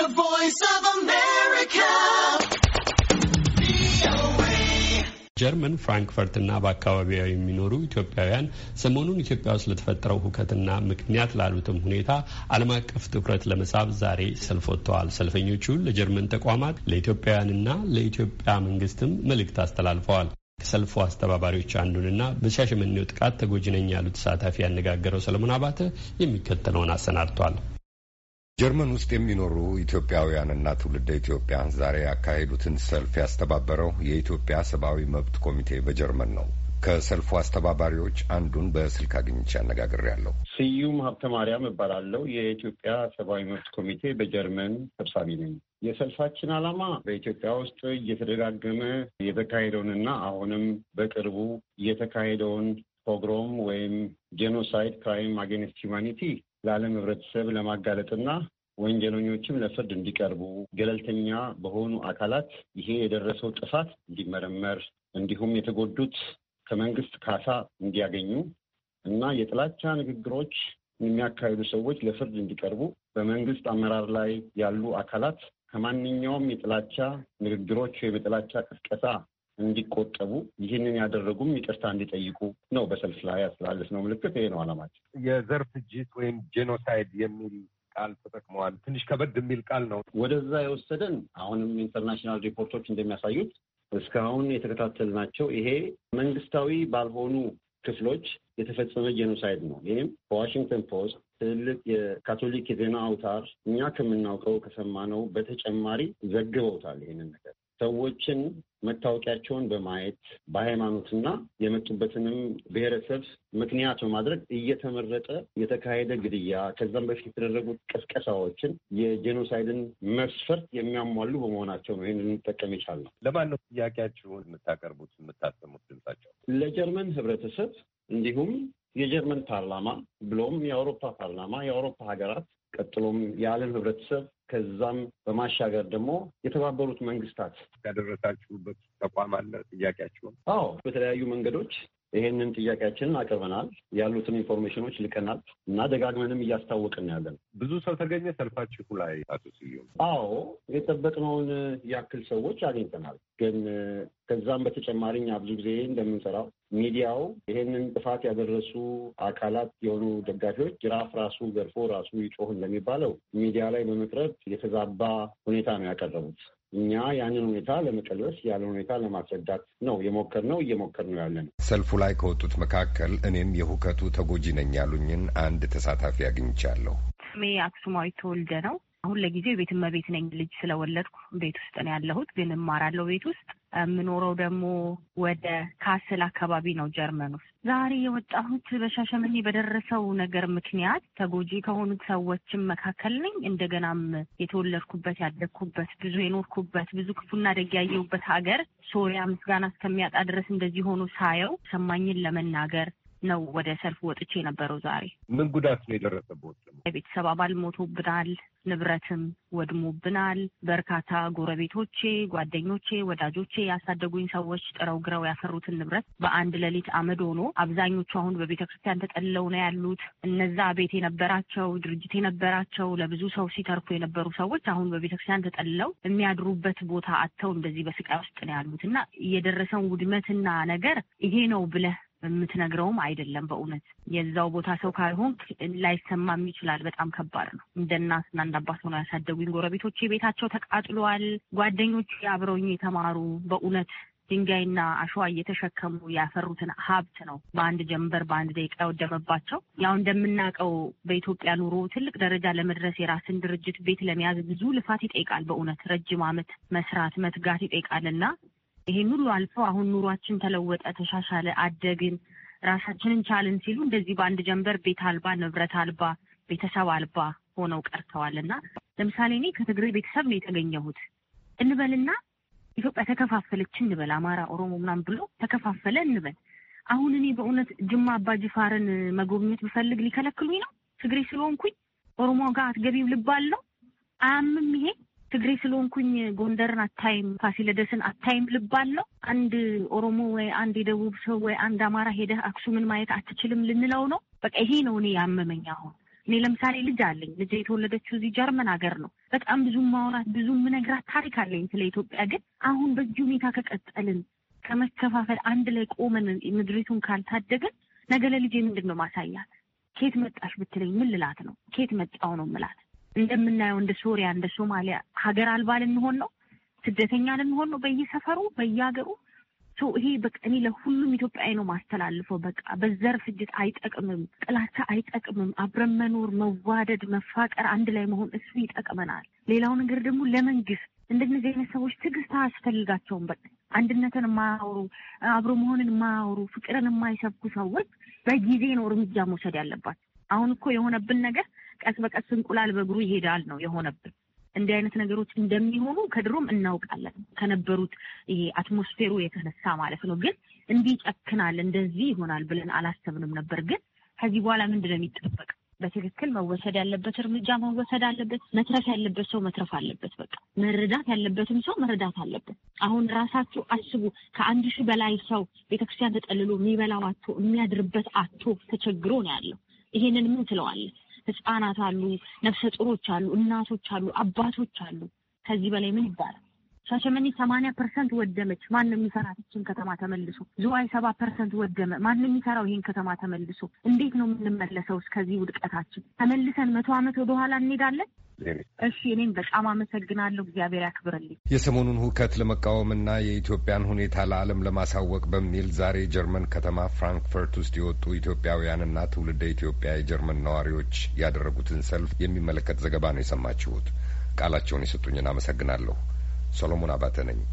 The Voice of America. ጀርመን ፍራንክፈርትና በአካባቢዋ የሚኖሩ ኢትዮጵያውያን ሰሞኑን ኢትዮጵያ ውስጥ ለተፈጠረው ሁከትና ምክንያት ላሉትም ሁኔታ ዓለም አቀፍ ትኩረት ለመሳብ ዛሬ ሰልፍ ወጥተዋል። ሰልፈኞቹ ለጀርመን ተቋማት ለኢትዮጵያውያንና ለኢትዮጵያ መንግስትም መልእክት አስተላልፈዋል። ከሰልፉ አስተባባሪዎች አንዱንና በሻሸመኔው ጥቃት ተጎጂ ነኝ ያሉ ተሳታፊ ያነጋገረው ሰለሞን አባተ የሚከተለውን አሰናድቷል። ጀርመን ውስጥ የሚኖሩ ኢትዮጵያውያንና ትውልደ ኢትዮጵያን ዛሬ ያካሄዱትን ሰልፍ ያስተባበረው የኢትዮጵያ ሰብአዊ መብት ኮሚቴ በጀርመን ነው። ከሰልፉ አስተባባሪዎች አንዱን በስልክ አግኝቼ አነጋግሬያለሁ። ስዩም ሀብተ ማርያም እባላለሁ። የኢትዮጵያ ሰብአዊ መብት ኮሚቴ በጀርመን ሰብሳቢ ነኝ። የሰልፋችን ዓላማ በኢትዮጵያ ውስጥ እየተደጋገመ የተካሄደውንና አሁንም በቅርቡ የተካሄደውን ፖግሮም ወይም ጄኖሳይድ ክራይም አጌንስት ሂውማኒቲ ለዓለም ህብረተሰብ ለማጋለጥና ወንጀለኞችም ለፍርድ እንዲቀርቡ ገለልተኛ በሆኑ አካላት ይሄ የደረሰው ጥፋት እንዲመረመር እንዲሁም የተጎዱት ከመንግስት ካሳ እንዲያገኙ እና የጥላቻ ንግግሮች የሚያካሂዱ ሰዎች ለፍርድ እንዲቀርቡ በመንግስት አመራር ላይ ያሉ አካላት ከማንኛውም የጥላቻ ንግግሮች ወይም የጥላቻ ቅስቀሳ እንዲቆጠቡ ይህንን ያደረጉም ይቅርታ እንዲጠይቁ ነው። በሰልፍ ላይ ነው ምልክት ይሄ ነው አላማቸው። የዘር ፍጅት ወይም ጄኖሳይድ የሚል ቃል ተጠቅመዋል። ትንሽ ከበድ የሚል ቃል ነው ወደዛ የወሰደን። አሁንም ኢንተርናሽናል ሪፖርቶች እንደሚያሳዩት እስካሁን የተከታተል ናቸው ይሄ መንግስታዊ ባልሆኑ ክፍሎች የተፈጸመ ጄኖሳይድ ነው። ይህም በዋሽንግተን ፖስት ትልቅ የካቶሊክ የዜና አውታር እኛ ከምናውቀው ከሰማነው በተጨማሪ ዘግበውታል። ይህንን ነገር ሰዎችን መታወቂያቸውን በማየት በሃይማኖትና የመጡበትንም ብሔረሰብ ምክንያት በማድረግ እየተመረጠ የተካሄደ ግድያ፣ ከዛም በፊት የተደረጉት ቅስቀሳዎችን የጄኖሳይድን መስፈርት የሚያሟሉ በመሆናቸው ነው ይህን ልንጠቀም ነው። ለማን ነው ጥያቄያችሁን የምታቀርቡት የምታሰሙት? ድምጻቸው ለጀርመን ህብረተሰብ እንዲሁም የጀርመን ፓርላማ ብሎም የአውሮፓ ፓርላማ የአውሮፓ ሀገራት ቀጥሎም የዓለም ህብረተሰብ ከዛም በማሻገር ደግሞ የተባበሩት መንግስታት ያደረሳችሁበት ተቋም አለ። ጥያቄያችሁን? አዎ፣ በተለያዩ መንገዶች ይሄንን ጥያቄያችንን አቅርበናል። ያሉትን ኢንፎርሜሽኖች ልከናል እና ደጋግመንም እያስታወቅን ያለን። ብዙ ሰው ተገኘ ሰልፋችሁ ላይ አቶ ስዩም? አዎ፣ የጠበቅነውን ያክል ሰዎች አግኝተናል። ግን ከዛም በተጨማሪ እኛ ብዙ ጊዜ እንደምንሰራው ሚዲያው ይሄንን ጥፋት ያደረሱ አካላት የሆኑ ደጋፊዎች ጅራፍ ራሱ ገርፎ ራሱ ይጮህ እንደሚባለው ሚዲያ ላይ በመቅረብ የተዛባ ሁኔታ ነው ያቀረቡት። እኛ ያንን ሁኔታ ለመቀልበስ ያለን ሁኔታ ለማስረዳት ነው የሞከር እየሞከር እየሞከርነው ያለ ነው። ሰልፉ ላይ ከወጡት መካከል እኔም የሁከቱ ተጎጂ ነኝ ያሉኝን አንድ ተሳታፊ አግኝቻለሁ። ስሜ አክሱማዊ ተወልደ ነው። አሁን ለጊዜው የቤት እመቤት ነኝ። ልጅ ስለወለድኩ ቤት ውስጥ ነው ያለሁት፣ ግን እማራለሁ ቤት ውስጥ የምኖረው ደግሞ ወደ ካስል አካባቢ ነው ጀርመን ውስጥ። ዛሬ የወጣሁት በሻሸመኔ በደረሰው ነገር ምክንያት ተጎጂ ከሆኑት ሰዎችም መካከል ነኝ። እንደገናም የተወለድኩበት ያደግኩበት፣ ብዙ የኖርኩበት፣ ብዙ ክፉና ደግ ያየሁበት ሀገር ሶሪያ ምስጋና እስከሚያጣ ድረስ እንደዚህ ሆኖ ሳየው ሰማኝን ለመናገር ነው ወደ ሰልፍ ወጥቼ የነበረው። ዛሬ ምን ጉዳት ነው የደረሰበት? የቤተሰብ አባል ሞቶብናል፣ ንብረትም ወድሞብናል። በርካታ ጎረቤቶቼ፣ ጓደኞቼ፣ ወዳጆቼ ያሳደጉኝ ሰዎች ጥረው ግረው ያፈሩትን ንብረት በአንድ ሌሊት አመድ ሆኖ አብዛኞቹ አሁን በቤተ ክርስቲያን ተጠልለው ነው ያሉት። እነዛ ቤት የነበራቸው ድርጅት የነበራቸው ለብዙ ሰው ሲተርፉ የነበሩ ሰዎች አሁን በቤተ ክርስቲያን ተጠልለው የሚያድሩበት ቦታ አጥተው እንደዚህ በስቃይ ውስጥ ነው ያሉት እና የደረሰውን ውድመትና ነገር ይሄ ነው ብለህ የምትነግረውም አይደለም። በእውነት የዛው ቦታ ሰው ካልሆን ላይሰማም ይችላል። በጣም ከባድ ነው። እንደ እናትና እንደ አባት ሆነው ያሳደጉኝ ጎረቤቶቼ ቤታቸው ተቃጥሏል። ጓደኞች አብረውኝ የተማሩ በእውነት ድንጋይና አሸዋ እየተሸከሙ ያፈሩትን ሀብት ነው በአንድ ጀንበር በአንድ ደቂቃ የወደመባቸው። ያው እንደምናውቀው በኢትዮጵያ ኑሮ ትልቅ ደረጃ ለመድረስ የራስን ድርጅት ቤት ለመያዝ ብዙ ልፋት ይጠይቃል። በእውነት ረጅም ዓመት መስራት መትጋት ይጠይቃል እና ይሄን ሁሉ አልፈው አሁን ኑሯችን ተለወጠ፣ ተሻሻለ፣ አደግን፣ ራሳችንን ቻልን ሲሉ እንደዚህ በአንድ ጀንበር ቤት አልባ፣ ንብረት አልባ፣ ቤተሰብ አልባ ሆነው ቀርተዋል እና ለምሳሌ እኔ ከትግሬ ቤተሰብ ነው የተገኘሁት እንበልና ኢትዮጵያ ተከፋፈለች እንበል፣ አማራ፣ ኦሮሞ ምናምን ብሎ ተከፋፈለ እንበል። አሁን እኔ በእውነት ጅማ ጅፋርን መጎብኘት ብፈልግ ሊከለክሉኝ ነው? ትግሬ ስለሆንኩኝ ኦሮሞ ጋር አትገቢም ልባል ነው? አያምም ይሄ ትግሬ ስለሆንኩኝ ጎንደርን አታይም፣ ፋሲለደስን አታይም ልባለው። አንድ ኦሮሞ ወይ አንድ የደቡብ ሰው ወይ አንድ አማራ ሄደህ አክሱምን ማየት አትችልም ልንለው ነው። በቃ ይሄ ነው እኔ ያመመኝ። አሁን እኔ ለምሳሌ ልጅ አለኝ። ልጅ የተወለደችው እዚህ ጀርመን ሀገር ነው። በጣም ብዙ ማውራት ብዙ ምነግራት ታሪክ አለኝ ስለ ኢትዮጵያ። ግን አሁን በዚህ ሁኔታ ከቀጠልን ከመከፋፈል አንድ ላይ ቆመን ምድሪቱን ካልታደግን ነገ ለልጄ ምንድን ነው ማሳያት? ኬት መጣሽ ብትለኝ ምን ልላት ነው? ኬት መጣው ነው ምላት እንደምናየው እንደ ሶሪያ እንደ ሶማሊያ ሀገር አልባ ልንሆን ነው፣ ስደተኛ ልንሆን ነው በየሰፈሩ በየሀገሩ ሰው ይሄ በቃ እኔ ለሁሉም ኢትዮጵያዊ ነው ማስተላልፈው። በቃ በዘር ፍጅት አይጠቅምም፣ ጥላቻ አይጠቅምም። አብረን መኖር፣ መዋደድ፣ መፋቀር፣ አንድ ላይ መሆን እሱ ይጠቅመናል። ሌላው ነገር ደግሞ ለመንግስት እንደነዚህ አይነት ሰዎች ትዕግስት አያስፈልጋቸውም። በቃ አንድነትን የማያወሩ አብሮ መሆንን የማያወሩ ፍቅርን የማይሰብኩ ሰዎች በጊዜ ነው እርምጃ መውሰድ ያለባቸው። አሁን እኮ የሆነብን ነገር ቀስ በቀስ እንቁላል በእግሩ ይሄዳል ነው የሆነብን። እንዲህ አይነት ነገሮች እንደሚሆኑ ከድሮም እናውቃለን ከነበሩት ይሄ አትሞስፌሩ የተነሳ ማለት ነው። ግን እንዲህ ይጨክናል እንደዚህ ይሆናል ብለን አላሰብንም ነበር። ግን ከዚህ በኋላ ምንድን ነው የሚጠበቅ? በትክክል መወሰድ ያለበት እርምጃ መወሰድ አለበት። መትረፍ ያለበት ሰው መትረፍ አለበት። በቃ መረዳት ያለበትም ሰው መረዳት አለበት። አሁን ራሳችሁ አስቡ። ከአንድ ሺህ በላይ ሰው ቤተክርስቲያን ተጠልሎ የሚበላው አቶ የሚያድርበት አቶ ተቸግሮ ነው ያለው። ይሄንን ምን ትለዋለን? ህፃናት አሉ፣ ነፍሰ ጡሮች አሉ፣ እናቶች አሉ፣ አባቶች አሉ። ከዚህ በላይ ምን ይባላል? ሻሸመኔ ሰማንያ ፐርሰንት ወደመች። ማን የሚሰራት ይችን ከተማ ተመልሶ? ዝዋይ ሰባ ፐርሰንት ወደመ። ማን የሚሰራው ይህን ከተማ ተመልሶ? እንዴት ነው የምንመለሰው? እስከዚህ ውድቀታችን ተመልሰን መቶ ዓመት ወደኋላ እንሄዳለን? እሺ፣ እኔም በጣም አመሰግናለሁ። እግዚአብሔር ያክብርልኝ። የሰሞኑን ሁከት ለመቃወምና የኢትዮጵያን ሁኔታ ለዓለም ለማሳወቅ በሚል ዛሬ ጀርመን ከተማ ፍራንክፈርት ውስጥ የወጡ ኢትዮጵያውያንና ትውልደ ኢትዮጵያ የጀርመን ነዋሪዎች ያደረጉትን ሰልፍ የሚመለከት ዘገባ ነው የሰማችሁት። ቃላቸውን የሰጡኝን አመሰግናለሁ። ሰሎሞን አባተ ነኝ።